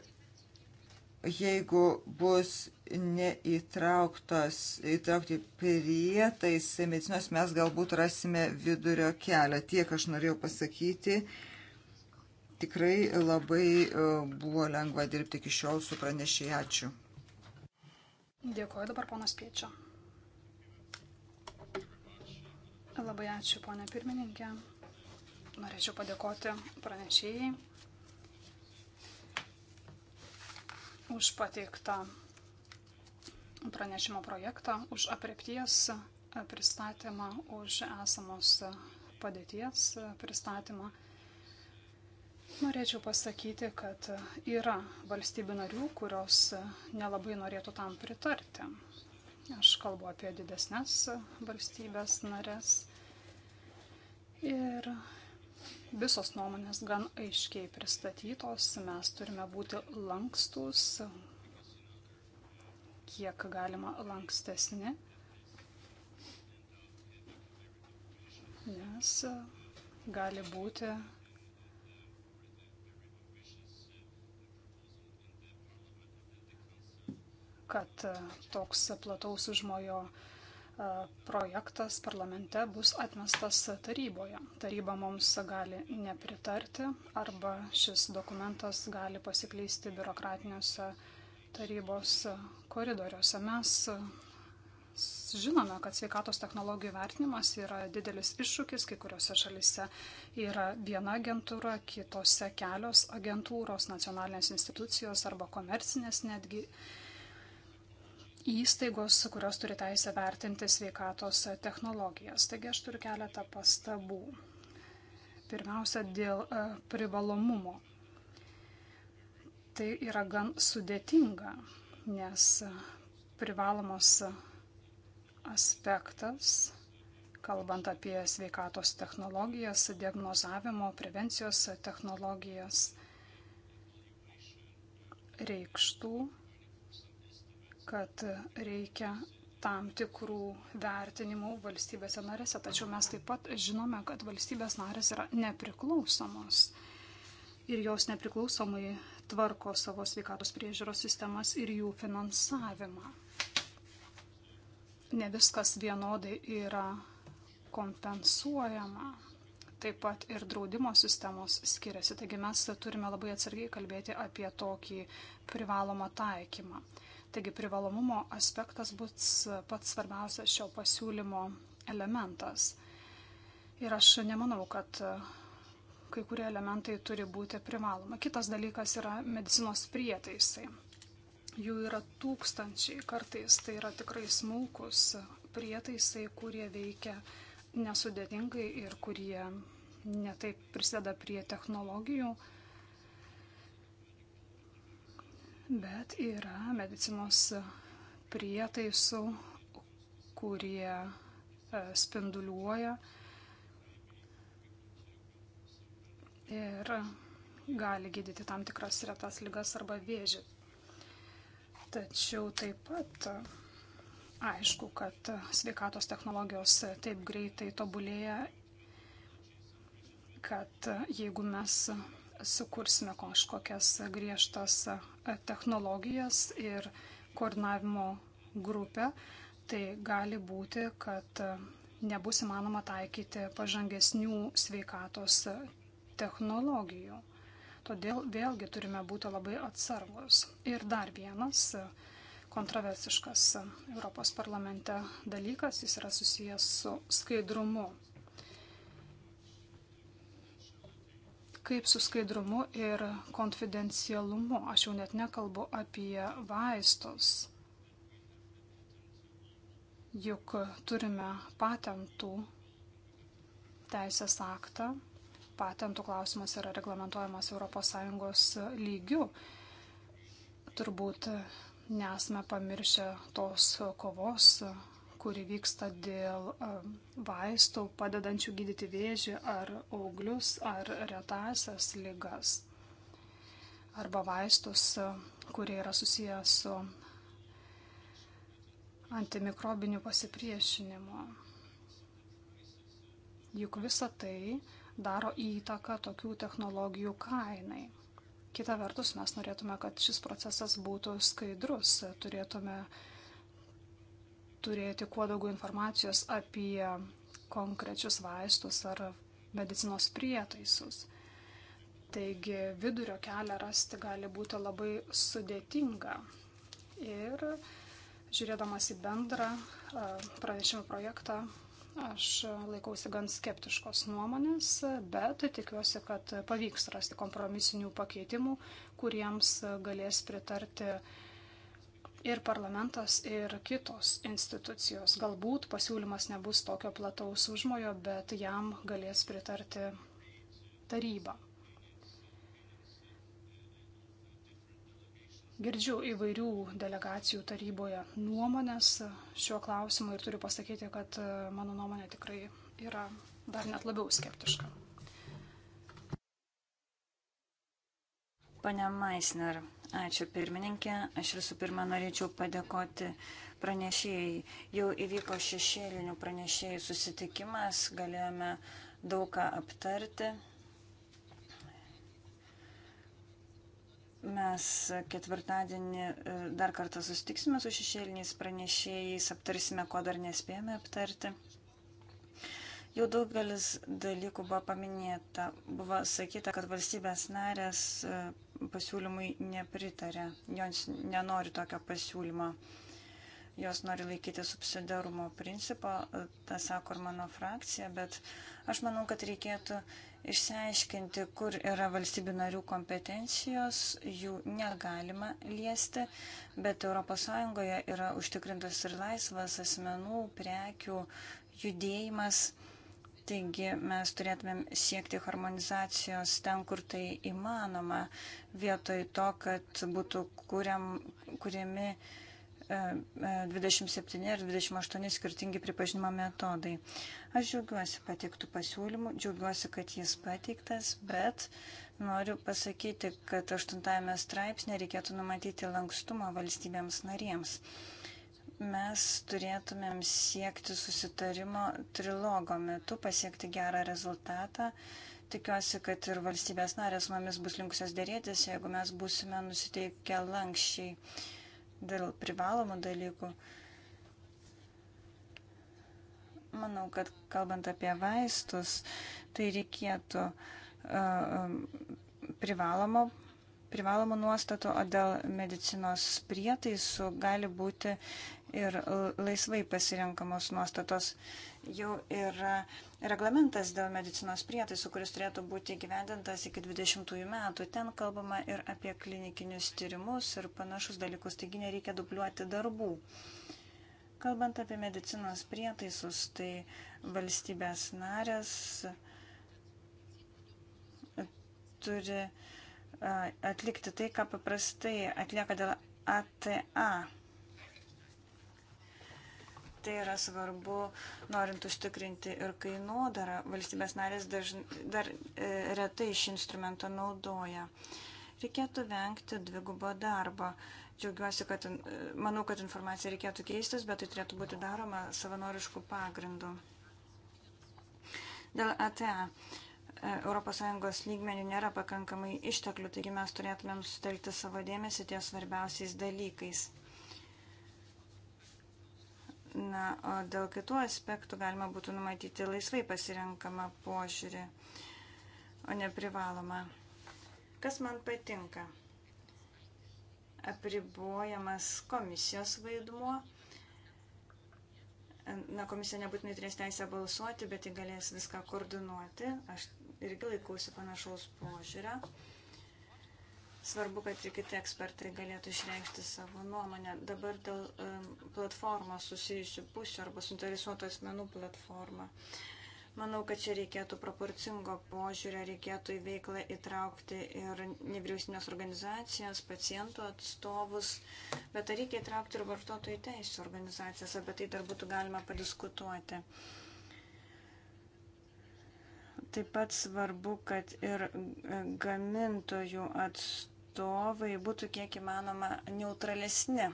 jeigu bus neįtrauktos, įtraukti prietaisai medicinos, mes galbūt rasime vidurio kelią. Tiek aš norėjau pasakyti. E, tikrai labai e, buvo lengva dirbti iki šiol su pranešėjai. Ačiū. Dėkuoju dabar ponas Piečio. Labai ačiū, ponė pirmininkė. Norėčiau padėkoti pranešėjai už pateiktą pranešimo projektą, už apriepties pristatymą, už esamos padėties pristatymą. Norėčiau pasakyti, kad yra valstybių narių, kurios nelabai norėtų tam pritarti. Aš kalbu apie didesnės valstybės narės. Ir visos nuomonės gan aiškiai pristatytos. Mes turime būti lankstus, kiek galima lankstesni. Nes gali būti kad e, toks plataus užmojo e, projektas parlamente bus atmestas taryboje. Taryba mums gali nepritarti arba šis dokumentas gali pasiklysti biurokratiniuose tarybos koridoriuose. Mes e, žinome, kad sveikatos technologijų vertinimas yra didelis iššūkis, kai kuriuose šalise yra viena agentūra, kitose kelios agentūros, nacionalinės institucijos arba komercinės netgi įstaigos, kurios turi teisę vertinti sveikatos technologijas. Taigi aš turiu keletą pastabų. Pirmiausia, dėl e, privalomumo. Tai yra gan sudėtinga, nes privalomas aspektas, kalbant apie sveikatos technologijas, diagnozavimo, prevencijos technologijas, reikštų kad reikia tam tikrų vertinimų valstybėse narėse. Tačiau mes taip pat žinome, kad valstybės narės yra nepriklausomos ir jos nepriklausomai tvarko savo sveikatos priežiūros sistemas ir jų finansavimą. Ne viskas vienodai yra kompensuojama. Taip pat ir draudimo sistemos skiriasi. Taigi mes turime labai atsargiai kalbėti apie tokį privalomą taikymą. Taigi privalomumo aspektas bus pats svarbiausias šio pasiūlymo elementas. Ir aš nemanau, kad kai kurie elementai turi būti privaloma. Kitas dalykas yra medicinos prietaisai. Jų yra tūkstančiai kartais, tai yra tikrai smulkus prietaisai, kurie veikia nesudėtingai ir kurie netaip prisideda prie technologijų bet yra medicinos prietaisų, kurie e, spinduliuoja ir gali gydyti tam tikras retas lygas arba vėžį. Tačiau taip pat aišku, kad sveikatos technologijos taip greitai tobulėja, kad jeigu mes sukursime kažkokias griežtas e, technologijas ir koordinavimo grupę, tai gali būti, kad e, nebus įmanoma taikyti pažangesnių sveikatos e, technologijų. Todėl vėlgi turime būti labai atsargus. Ir dar vienas kontroversiškas Europos parlamente dalykas, jis yra susijęs su skaidrumu. kaip su skaidrumu ir konfidencialumu. Aš jau net nekalbu apie vaistus. Juk turime patentų teisės aktą. Patentų klausimas yra reglamentojamas ES lygiu. Turbūt nesame pamiršę tos kovos kuri vyksta dėl vaistų padedančių gydyti vėžį ar auglius ar retasias ligas. Arba vaistus, kurie yra susiję su antimikrobiniu pasipriešinimu. Juk visa tai daro įtaką tokių technologijų kainai. Kita vertus, mes norėtume, kad šis procesas būtų skaidrus, turėtume uh, turėti kuo daugiau informacijos apie konkrečius vaistus ar medicinos prietaisus. Taigi vidurio kelią rasti gali būti labai sudėtinga. Ir žiūrėdamas į bendrą pranešimo projektą, aš laikausi gan skeptiškos nuomonės, bet tikiuosi, kad pavyks rasti kompromisinių pakeitimų, kuriems galės pritarti uh, ir parlamentas, ir kitos institucijos. Galbūt pasiūlymas nebus tokio plataus užmojo, bet jam galės pritarti taryba. Girdžiu įvairių delegacijų taryboje nuomonės šiuo klausimu ir turiu pasakyti, kad mano nuomonė tikrai yra dar net labiau skeptiška. Pane Maisner, ačiū pirmininkė. Aš visų pirma norėčiau padėkoti pranešėjai. Jau įvyko šešėlinių pranešėjų susitikimas, galėjome daug ką aptarti. Mes ketvirtadienį e, dar kartą susitiksime su šešėliniais pranešėjais, aptarsime, ko dar nespėjome aptarti. Jau daugelis dalykų buvo paminėta. Buvo sakyta, kad valstybės narės e, pasiūlymui nepritarė. Jos nenori tokio pasiūlymo. Jos nori laikyti subsidarumo principo, tą sako ir mano frakcija, bet aš manau, kad reikėtų išsiaiškinti, kur yra valstybių narių kompetencijos, jų negalima liesti, bet ES yra užtikrintas ir laisvas asmenų, prekių judėjimas. Taigi mes turėtumėm siekti harmonizacijos ten, kur tai įmanoma, vietoj to, kad būtų kuriam, kuriami 27 ir 28 skirtingi pripažinimo metodai. Aš džiaugiuosi pateiktų pasiūlymų, džiaugiuosi, kad jis pateiktas, bet noriu pasakyti, kad 8 straipsnė reikėtų numatyti lankstumą valstybėms narėms mes turėtumėm siekti susitarimo trilogo metu, pasiekti gerą rezultatą. Tikiuosi, kad ir valstybės narės mumis bus linkusios dėrėtis, jeigu mes būsime nusiteikę lankščiai dėl privalomų dalykų. Manau, kad kalbant apie vaistus, tai reikėtų uh, privalomo privalomų nuostatų, o dėl medicinos prietaisų gali būti ir e, laisvai pasirenkamos nuostatos. Jau yra reglamentas dėl medicinos prietaisų, kuris turėtų būti gyvendintas iki 20 metų. Ten kalbama ir apie klinikinius tyrimus ir panašus dalykus, taigi nereikia dubliuoti darbų. Kalbant apie medicinos prietaisus, tai valstybės narės e, turi e, atlikti tai, ką paprastai atlieka dėl ATA Tai yra svarbu, norint užtikrinti ir kainodarą. Valstybės narės dažn, dar e, retai iš instrumento naudoja. Reikėtų vengti dvigubo darbo. Džiaugiuosi, kad e, manau, kad informacija reikėtų keistis, bet tai turėtų būti daroma savanoriškų pagrindų. Dėl ATA. ES lygmenių nėra pakankamai išteklių, taigi mes turėtumėm sutelkti savo dėmesį ties svarbiausiais dalykais. Na, o dėl kitų aspektų galima būtų numatyti laisvai pasirenkamą požiūrį, o ne privalomą. Kas man patinka? Apribojamas komisijos vaidmuo. Na, komisija nebūtinai turės teisę balsuoti, bet ji galės viską koordinuoti. Aš irgi laikausi panašaus požiūrio. Svarbu, kad ir kiti ekspertai galėtų išreikšti savo nuomonę. Dabar dėl platformos susijusių pusių arba suinteresuotų asmenų platformą. Manau, kad čia reikėtų proporcingo požiūrio, reikėtų į veiklą įtraukti ir nevyriausinės organizacijas, pacientų atstovus, bet ar reikia įtraukti ir vartotojų teisų organizacijas, apie tai dar būtų galima padiskutuoti. Taip pat svarbu, kad ir e, gamintojų atstovai atstovai būtų kiek įmanoma neutralesni.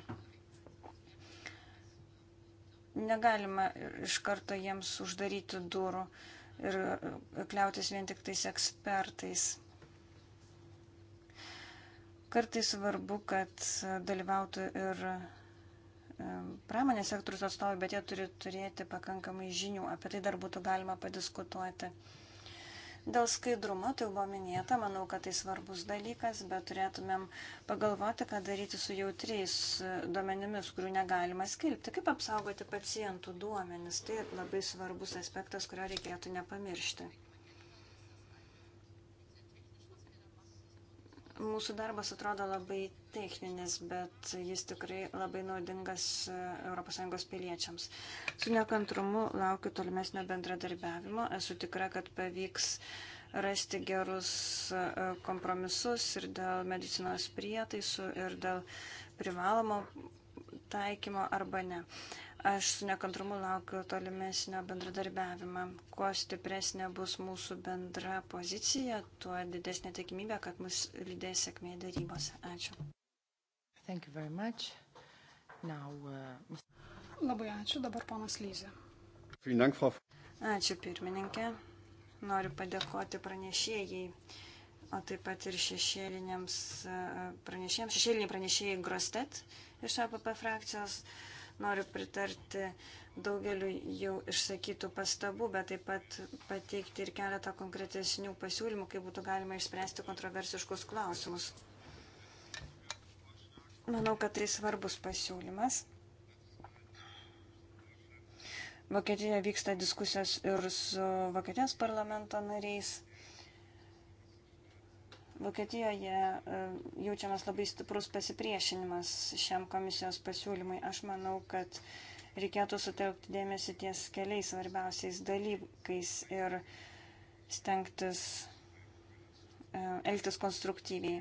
Negalima iš karto jiems uždaryti durų ir kliautis vien tik tais ekspertais. Kartais svarbu, kad dalyvautų ir e, pramonės sektorius atstovai, bet jie turi turėti pakankamai žinių. Apie tai dar būtų galima padiskutuoti. Dėl skaidrumo, tai buvo minėta, manau, kad tai svarbus dalykas, bet turėtumėm pagalvoti, ką daryti su jautriais e, duomenimis, kurių negalima skelbti. Kaip apsaugoti pacientų duomenis, tai labai svarbus aspektas, kurio reikėtų nepamiršti. Mūsų darbas atrodo labai techninis, bet jis tikrai labai naudingas e, ES piliečiams. Su nekantrumu laukiu tolimesnio bendradarbiavimo. Esu tikra, kad pavyks rasti gerus e, kompromisus ir dėl medicinos prietaisų, ir dėl privalomo taikymo arba ne. Aš su nekantrumu laukiu tolimesnio bendradarbiavimą. Kuo stipresnė bus mūsų bendra pozicija, tuo didesnė tikimybė, kad mus lydės sėkmė darybose. Ačiū. Now, uh... Labai ačiū. Dabar ponas Lyzė. Ačiū pirmininkė. Noriu padėkoti pranešėjai, o taip pat ir šešėliniams pranešėjams. Šešėliniai pranešėjai Grostet iš APP frakcijos. Uh, Noriu pritarti daugeliu jau išsakytų pastabų, bet taip pat pateikti ir keletą konkretesnių pasiūlymų, kaip būtų galima išspręsti kontroversiškus klausimus. Manau, kad tai svarbus pasiūlymas. Vokietijoje vyksta diskusijos ir su Vokietijos parlamento nariais. Vokietijoje e, jaučiamas labai stiprus pasipriešinimas šiam komisijos pasiūlymui. Aš manau, kad reikėtų sutelkti dėmesį ties keliais svarbiausiais dalykais ir stengtis e, elgtis konstruktyviai.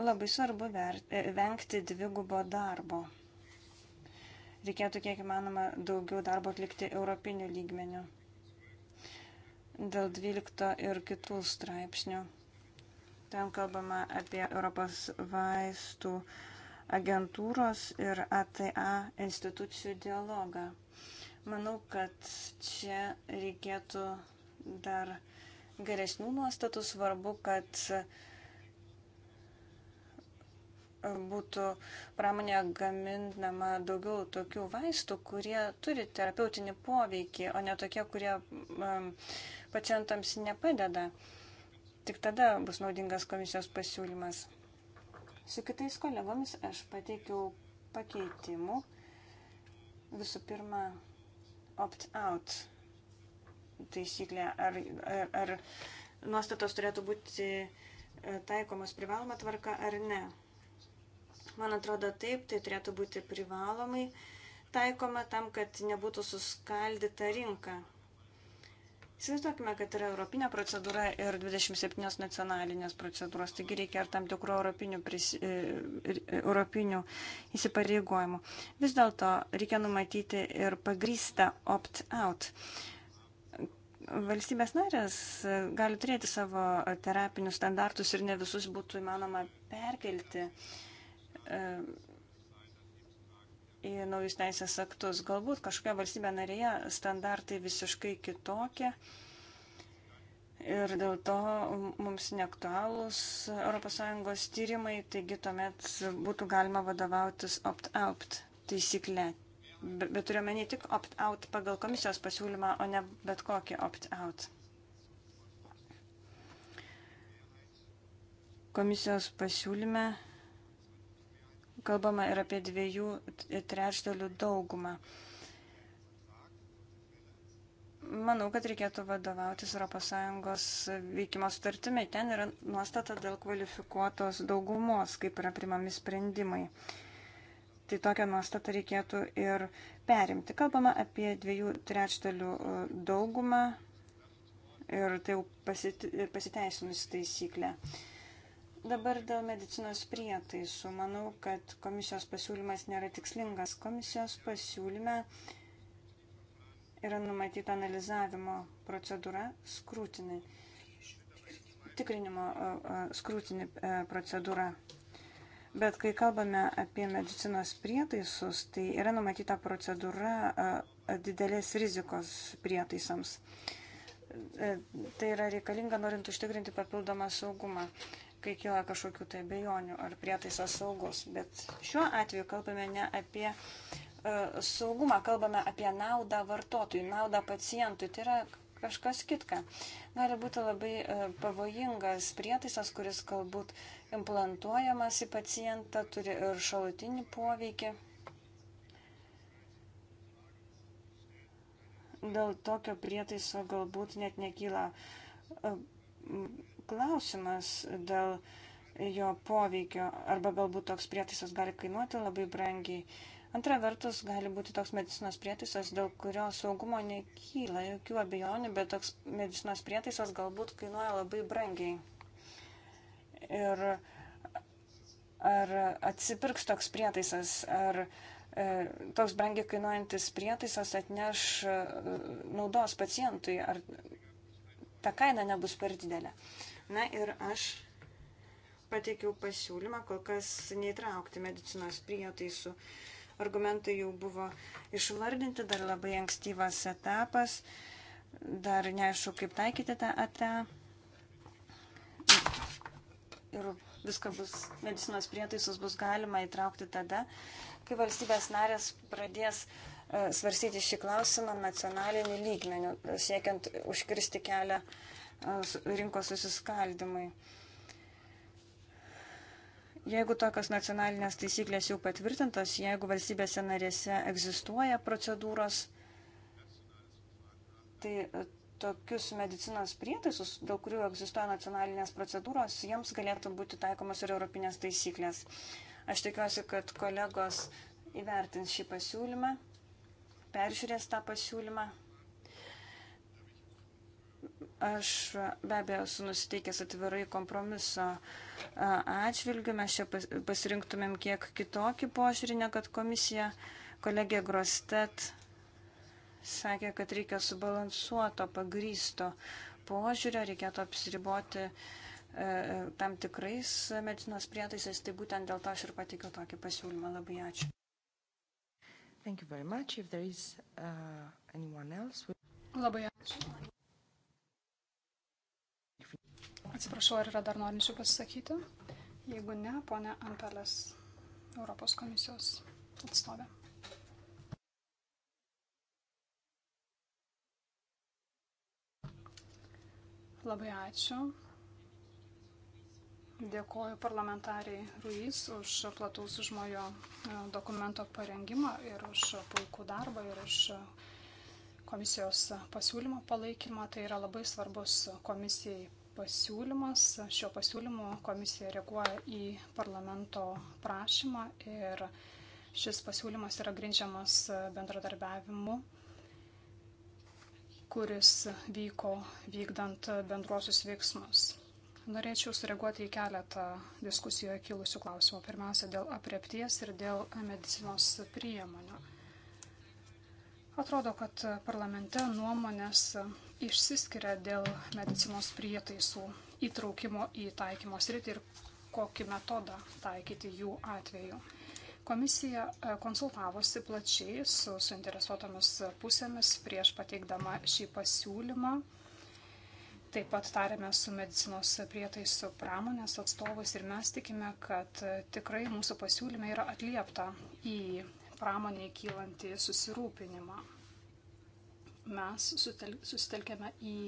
Labai svarbu e, vengti dvigubo darbo. Reikėtų kiek įmanoma daugiau darbo atlikti europinių lygmenių dėl 12 ir kitų straipsnių. Ten kalbama apie Europos vaistų agentūros ir ATA institucijų dialogą. Manau, kad čia reikėtų dar geresnių nuostatų. Svarbu, kad būtų pramonėje gaminama daugiau tokių vaistų, kurie turi terapeutinį poveikį, o ne tokie, kurie um, pacientams nepadeda. Tik tada bus naudingas komisijos pasiūlymas. Su kitais kolegomis aš pateikiau pakeitimų. Visų pirma, opt-out taisyklė. Ar, ar, ar nuostatos turėtų būti e, taikomos privaloma tvarka ar ne. Man atrodo taip, tai turėtų būti privalomai taikoma tam, kad nebūtų suskaldyta rinka. Įsivaizduokime, kad yra europinė procedūra ir 27 nacionalinės procedūros, taigi reikia ir tam tikrų europinių, pris, e, europinių įsipareigojimų. Vis dėlto reikia numatyti ir pagrįstą opt-out. Valstybės narės gali turėti savo terapinius standartus ir ne visus būtų įmanoma perkelti e, į naujus teisės aktus. Galbūt kažkokia valstybė narėje standartai visiškai kitokie ir dėl to mums neaktualūs ES tyrimai, taigi tuomet būtų galima vadovautis opt-out taisyklė. Bet be turiu menį tik opt-out pagal komisijos pasiūlymą, o ne bet kokį opt-out. Komisijos pasiūlyme kalbama ir apie dviejų trečdalių daugumą. Manau, kad reikėtų vadovautis ES veikimo sutartimi. Ten yra nuostata dėl kvalifikuotos daugumos, kaip yra primami sprendimai. Tai tokią nuostatą reikėtų ir perimti. Kalbama apie dviejų trečdalių e, daugumą ir tai jau pasiteisinusi taisyklė. Uh, Dabar dėl medicinos prietaisų. Manau, kad komisijos pasiūlymas nėra tikslingas. Komisijos pasiūlyme yra numatyta analizavimo procedūra skrūtinį. Tikrinimo skrūtinį e, procedūra. Bet kai kalbame apie medicinos prietaisus, tai yra numatyta procedūra didelės rizikos prietaisams. E, tai yra reikalinga norint užtikrinti papildomą saugumą kai kyla kažkokių tai bejonių ar prietaisas saugus. Bet šiuo atveju kalbame ne apie e, saugumą, kalbame apie naudą vartotojui, naudą pacientui. Tai yra kažkas kitka. Gali būti labai e, pavojingas prietaisas, kuris galbūt implantuojamas į pacientą, turi ir šalutinį poveikį. Dėl tokio prietaiso galbūt net nekyla e, klausimas dėl jo poveikio, arba galbūt toks prietaisas gali kainuoti labai brangiai. Antra vertus, gali būti toks medicinos prietaisas, dėl kurio saugumo nekyla jokių abejonių, bet toks medicinos prietaisas galbūt kainuoja labai brangiai. Ir ar atsipirks toks prietaisas, ar e, toks brangiai kainuojantis prietaisas atneš e, naudos pacientui, ar ta kaina nebus per didelė. E, Na ir aš pateikiau pasiūlymą kol kas neįtraukti medicinos prietaisų. Argumentai jau buvo išvardinti, dar labai ankstyvas etapas, dar neaišku, kaip taikyti tą atę. Ir viską bus, medicinos prietaisus bus galima įtraukti tada, kai valstybės narės pradės e, svarstyti šį klausimą nacionaliniu lygmeniu, siekiant užkirsti kelią uh, rinkos susiskaldimui. Jeigu tokios nacionalinės taisyklės jau patvirtintos, jeigu valstybėse narėse egzistuoja procedūros, tai tokius medicinos prietaisus, dėl kurių egzistuoja nacionalinės procedūros, jiems galėtų būti taikomos ir europinės taisyklės. Aš tikiuosi, kad kolegos įvertins šį pasiūlymą, peržiūrės tą pasiūlymą. Aš be abejo esu nusiteikęs atvirai kompromiso atžvilgiu. Mes čia pasirinktumėm kiek kitokį požiūrį, ne kad komisija. Kolegė Grostet sakė, kad reikia subalansuoto, pagrysto požiūrio, reikėtų apsiriboti e, tam tikrais medicinos prietaisais. Tai būtent dėl to aš ir pateikiau tokį pasiūlymą. Labai ačiū. Is, uh, else... Labai ačiū. Atsiprašau, ar yra dar norinčių pasisakyti? Jeigu ne, ponė Antelės, Europos komisijos atstovė. Labai ačiū. Dėkoju parlamentariai Ruiz už plataus užmojo e, dokumento parengimą ir už puikų darbą ir už komisijos pasiūlymo palaikymą. Tai yra labai svarbus komisijai pasiūlymas. Šio pasiūlymo komisija reaguoja į parlamento prašymą ir šis pasiūlymas yra grindžiamas bendradarbiavimu, kuris vyko vykdant bendruosius veiksmus. Norėčiau sureaguoti į keletą diskusijoje kilusių klausimų. Pirmiausia, dėl apriepties ir dėl medicinos priemonių. Atrodo, kad parlamente nuomonės išsiskiria dėl medicinos prietaisų įtraukimo į taikymo sritį ir kokį metodą taikyti jų atveju. Komisija e, konsultavosi plačiai su suinteresuotomis pusėmis prieš pateikdama šį pasiūlymą. Taip pat tarėme su medicinos prietaisų pramonės atstovais ir mes tikime, kad e, tikrai mūsų pasiūlyme yra atliepta į pramoniai kylantį susirūpinimą. Mes susitelkėme į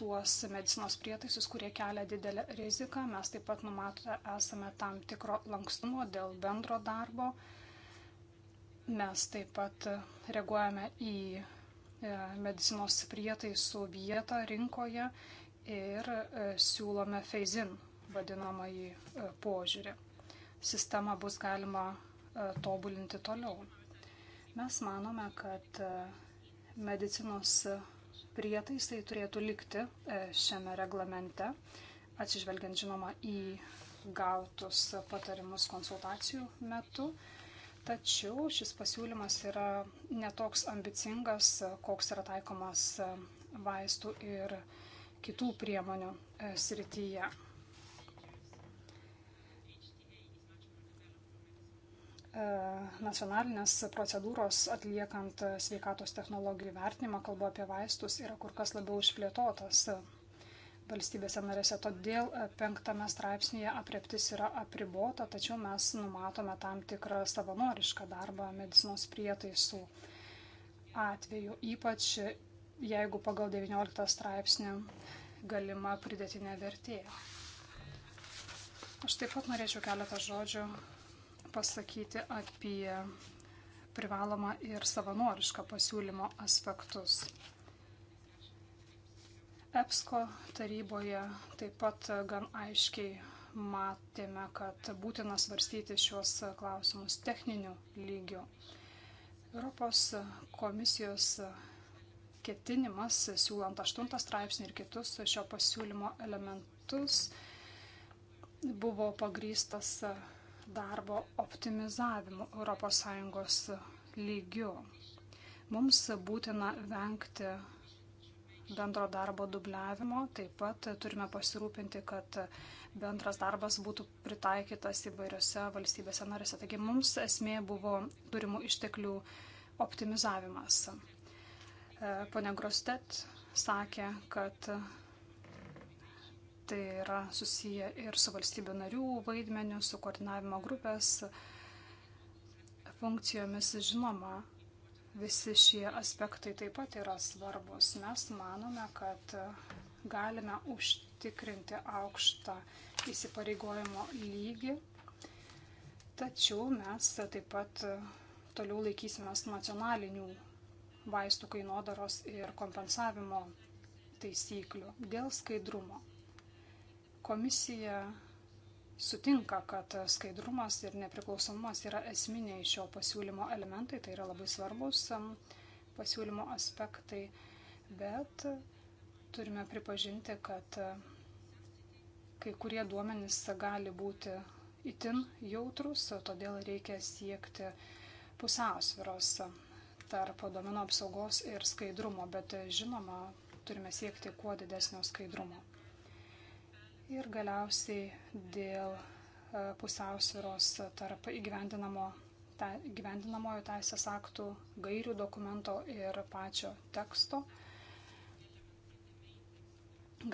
tuos medicinos prietaisus, kurie kelia didelę riziką. Mes taip pat numatome, esame tam tikro lankstumo dėl bendro darbo. Mes taip pat reaguojame į e, medicinos prietaisų vietą rinkoje ir e, siūlome feizin vadinamąjį e, požiūrį. Sistemą bus galima E, tobulinti toliau. Mes manome, kad e, medicinos prietaisai turėtų likti e, šiame reglamente, atsižvelgiant žinoma į gautus patarimus konsultacijų metu. Tačiau šis pasiūlymas yra netoks ambicingas, koks yra taikomas vaistų ir kitų priemonių srityje. E, nacionalinės procedūros atliekant sveikatos technologijų vertinimą, kalbu apie vaistus, yra kur kas labiau išplėtotas valstybėse narėse. Todėl e, penktame straipsnėje apreptis yra apribota, tačiau mes numatome tam tikrą savanorišką darbą medicinos prietaisų atveju, ypač jeigu pagal 19 straipsnį galima pridėtinė vertė. Aš taip pat norėčiau keletą žodžių pasakyti apie privalomą ir savanorišką pasiūlymo aspektus. EPSCO taryboje taip pat gan aiškiai matėme, kad būtina svarstyti šios klausimus techniniu lygiu. Europos komisijos ketinimas, siūlant 8 straipsnį ir kitus šio pasiūlymo elementus, buvo pagrystas darbo optimizavimu ES lygiu. Mums būtina vengti bendro darbo dubliavimo, taip pat turime pasirūpinti, kad bendras darbas būtų pritaikytas įvairiose valstybėse narėse. Taigi mums esmė buvo turimų išteklių optimizavimas. E, Pone Grostet sakė, kad Tai yra susiję ir su valstybių narių vaidmeniu, su koordinavimo grupės funkcijomis. Žinoma, visi šie aspektai taip pat yra svarbus. Mes manome, kad galime užtikrinti aukštą įsipareigojimo lygį, tačiau mes taip pat toliau laikysimės nacionalinių vaistų kainodaros ir kompensavimo taisyklių dėl skaidrumo. Komisija sutinka, kad skaidrumas ir nepriklausomumas yra esminiai šio pasiūlymo elementai, tai yra labai svarbus um, pasiūlymo aspektai, bet turime pripažinti, kad um, kai kurie duomenys gali būti itin jautrus, todėl reikia siekti pusiausviros tarp domino apsaugos ir skaidrumo, bet žinoma, turime siekti kuo didesnio skaidrumo. Ir galiausiai dėl e, pusiausviros tarp įgyvendinamo gyvendinamojo teisės aktų, gairių dokumento ir pačio teksto.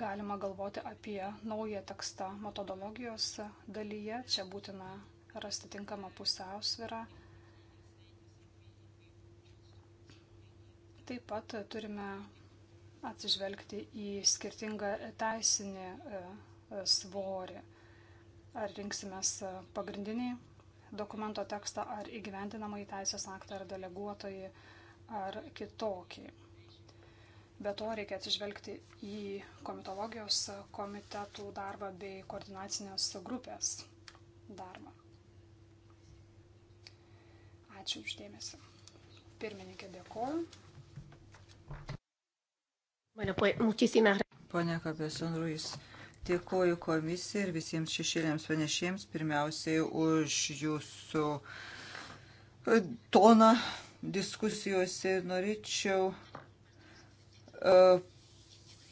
Galima galvoti apie naują tekstą metodologijos dalyje. Čia būtina rasti tinkamą pusiausvirą. Taip pat turime atsižvelgti į skirtingą teisinį e, svorį. Ar rinksimės e, pagrindinį dokumento tekstą, ar įgyvendinamą į teisės aktą, ar deleguotojį, ar kitokį. Be to reikia atsižvelgti į komitologijos komitetų darbą bei koordinacinės grupės darbą. Ačiū uždėmesi. Pirmininkė dėkoju. Bueno, pues muchísimas gracias. Pone Cabeson Ruiz. Dėkoju komisijai ir visiems šešėliams panešėjams, pirmiausiai už jūsų e, toną diskusijose. Norėčiau e,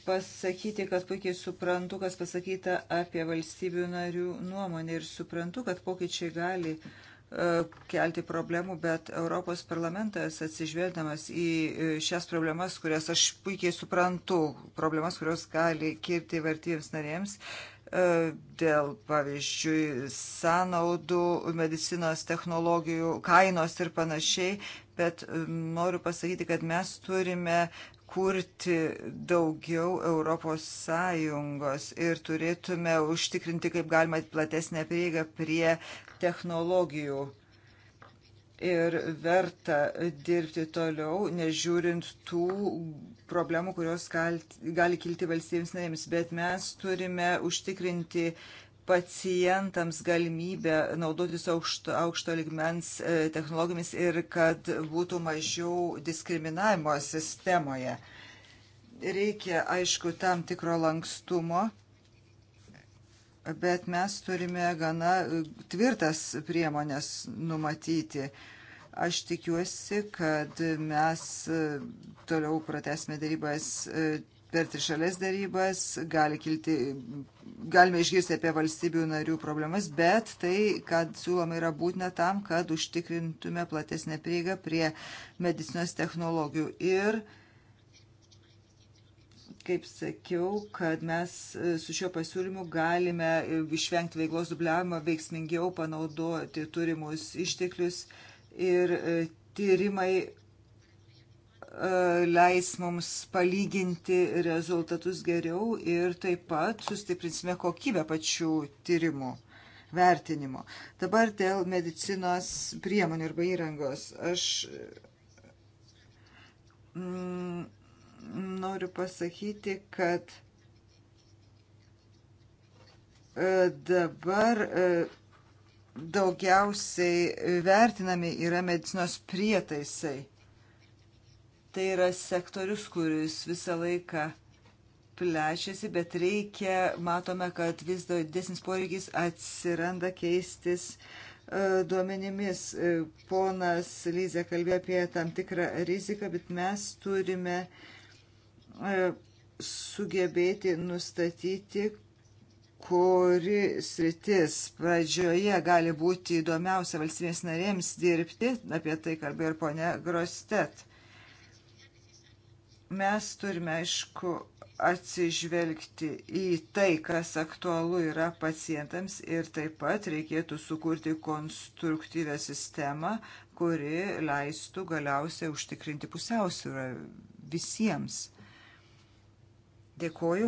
pasakyti, kad puikiai suprantu, kas pasakyta apie valstybių narių nuomonę ir suprantu, kad pokyčiai gali uh, E, kelti problemų, bet Europos parlamentas atsižvelgdamas į e, šias problemas, kurias aš puikiai suprantu, problemas, kurios gali kirti vartiems narėms, e, dėl, pavyzdžiui, sąnaudų, medicinos technologijų, kainos ir panašiai, bet noriu pasakyti, kad mes turime kurti daugiau Europos Sąjungos ir turėtume užtikrinti kaip galima platesnę prieigą prie technologijų. Ir verta dirbti toliau, nežiūrint tų problemų, kurios gali kilti valstybėms narėms. Bet mes turime užtikrinti pacientams galimybę naudotis aukšto, aukšto ligmens e, technologijomis ir kad būtų mažiau diskriminavimo sistemoje. Reikia, aišku, tam tikro lankstumo bet mes turime gana e, tvirtas priemonės numatyti. Aš tikiuosi, kad mes e, toliau pratesime darybas e, per trišalės darybas, gali kilti, galime išgirsti apie valstybių narių problemas, bet tai, kad siūloma yra būtina tam, kad užtikrintume platesnę prieigą prie medicinos technologijų. Ir uh, kaip sakiau, kad mes e, su šiuo pasiūlymu galime e, išvengti veiklos dubliavimo, veiksmingiau panaudoti turimus išteklius ir e, tyrimai leis mums palyginti rezultatus geriau ir taip pat sustiprinsime kokybę pačių tyrimų vertinimo. Dabar dėl medicinos priemonių arba įrangos. Aš mm, noriu pasakyti, kad e, dabar e, daugiausiai vertinami yra medicinos prietaisai. Tai yra sektorius, kuris visą laiką plečiasi, bet reikia, matome, kad vis didesnis poreikis atsiranda keistis e, duomenimis. Ponas Lyzė kalbėjo apie tam tikrą riziką, bet mes turime uh, E, sugebėti nustatyti, kuri sritis pradžioje gali būti įdomiausia valstybės narėms dirbti, apie tai kalbėjo ir ponia Grostet. Mes turime, aišku, atsižvelgti į tai, kas aktualu yra pacientams ir taip pat reikėtų sukurti konstruktyvę sistemą, kuri leistų galiausiai užtikrinti pusiausvyrą visiems. Dėkoju.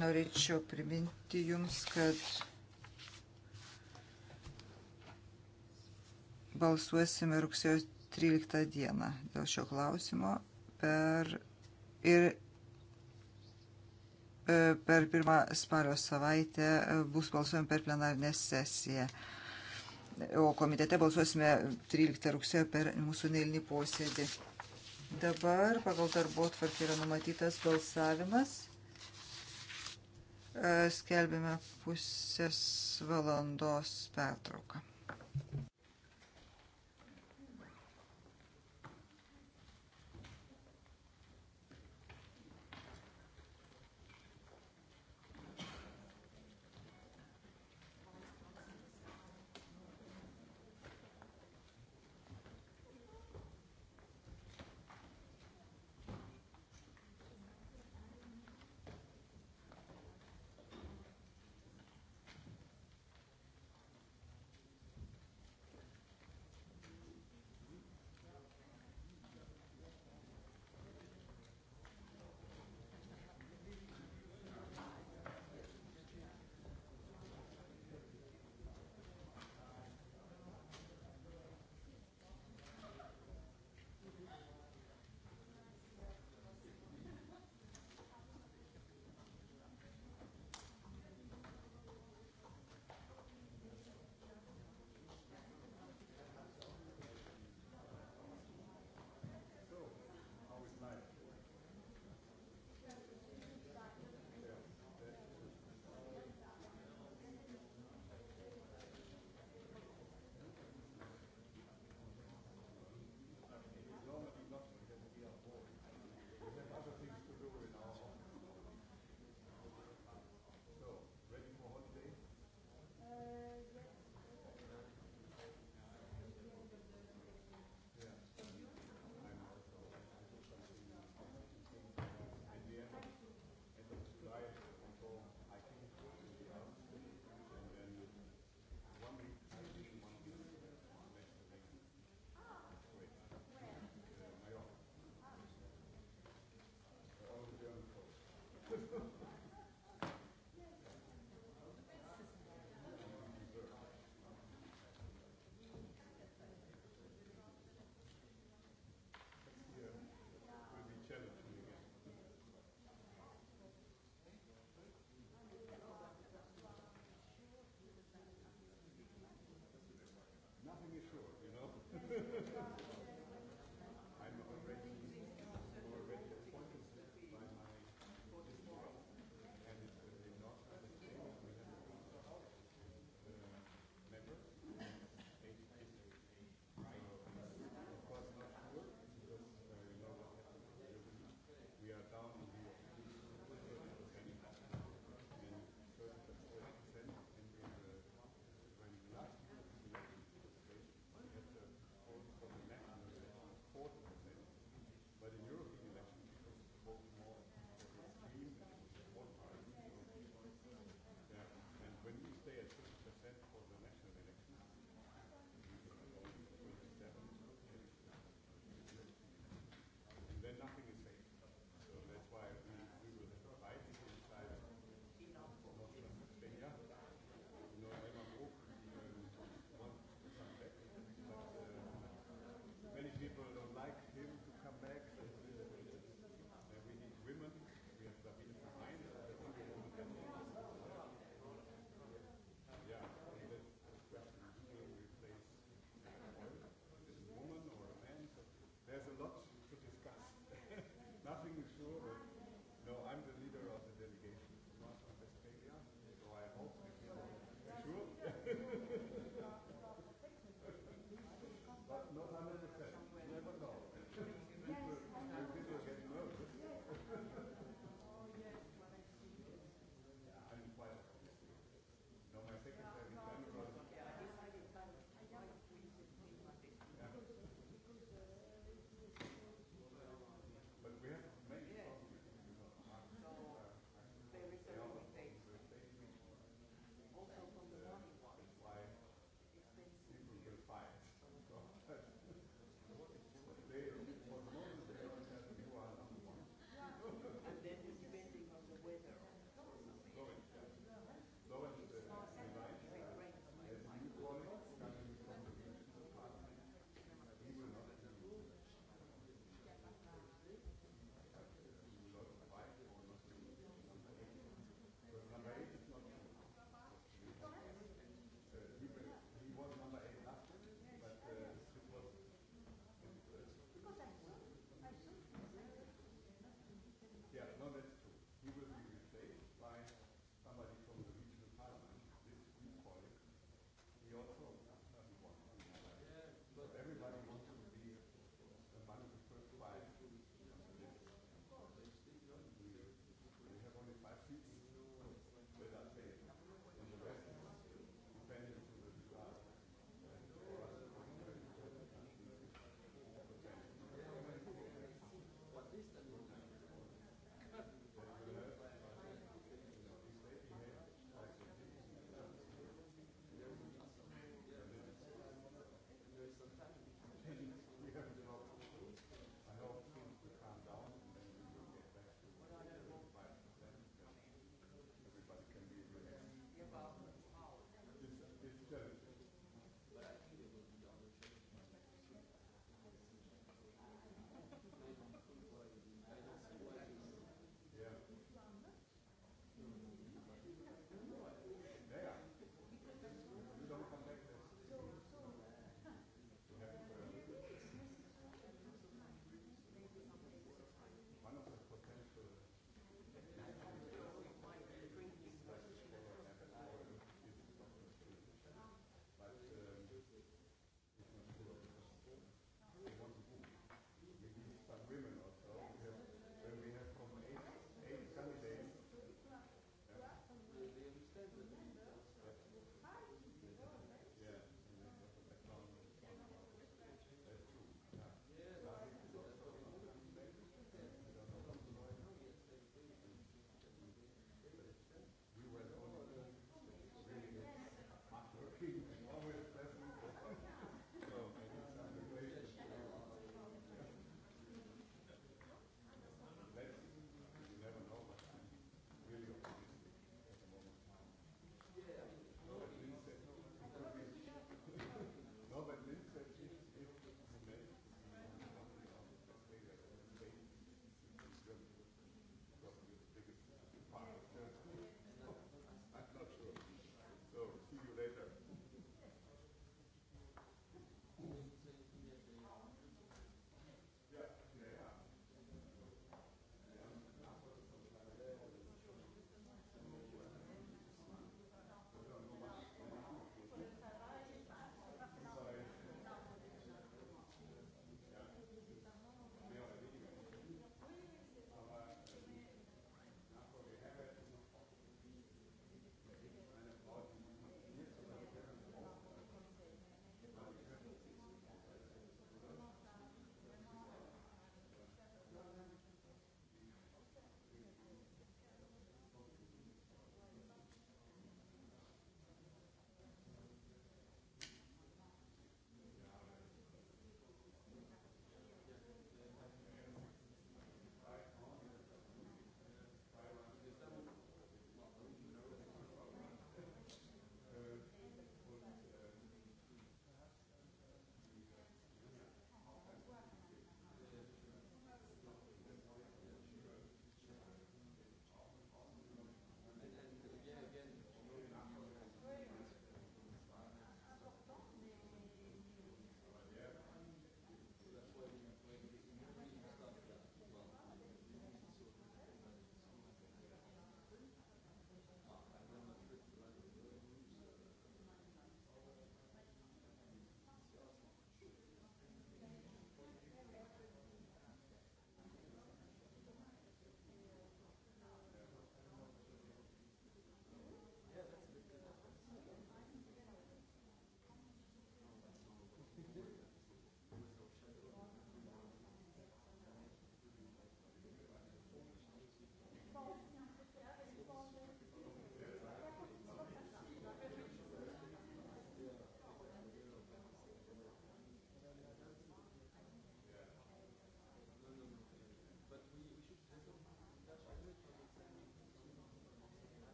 Norėčiau priminti Jums, kad balsuosime rugsėjo 13 dieną dėl šio klausimo per ir e, per pirmą spario savaitę bus balsuojama per plenarinę sesiją. O komitete balsuosime 13 rugsėjo per mūsų neilinį posėdį. Dabar pagal darbo tvarkį yra numatytas balsavimas. Skelbime pusės valandos pertrauką.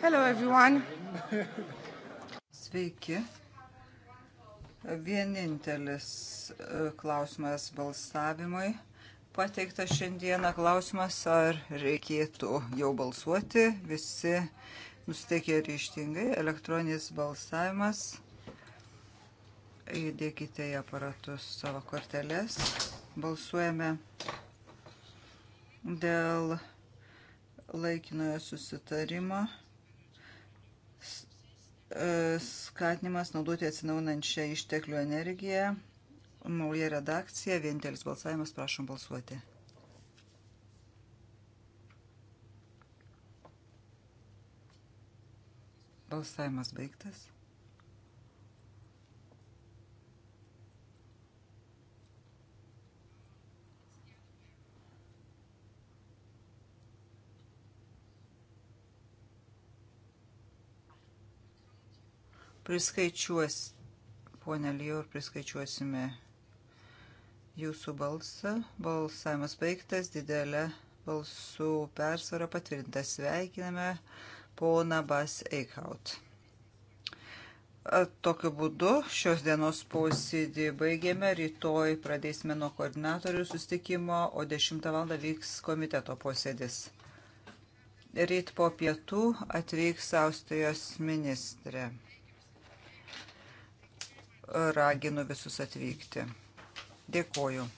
Hello everyone. Sveiki. Vienintelis e, klausimas balsavimui. Pateiktas šiandieną klausimas, ar reikėtų jau balsuoti. Visi nusteikė ryštingai. Elektroninis balsavimas. Įdėkite į aparatus savo korteles. Balsuojame dėl laikinojo susitarimo skatinimas naudoti atsinaunančią išteklių energiją. Nauja redakcija, vienintelis balsavimas, prašom balsuoti. Balsavimas baigtas. Priskaičiuos, ponė Lyjo, ir priskaičiuosime jūsų balsą. Balsavimas baigtas, didelė balsų persvara patvirtinta. Sveikiname poną Bas Eikaut. Tokiu būdu šios dienos posėdį baigėme, rytoj pradėsime nuo koordinatorių sustikimo, o 10 val. vyks komiteto posėdis. Ryt po pietų atvyks Austrijos ministrė raginu visus atvykti. Dėkoju.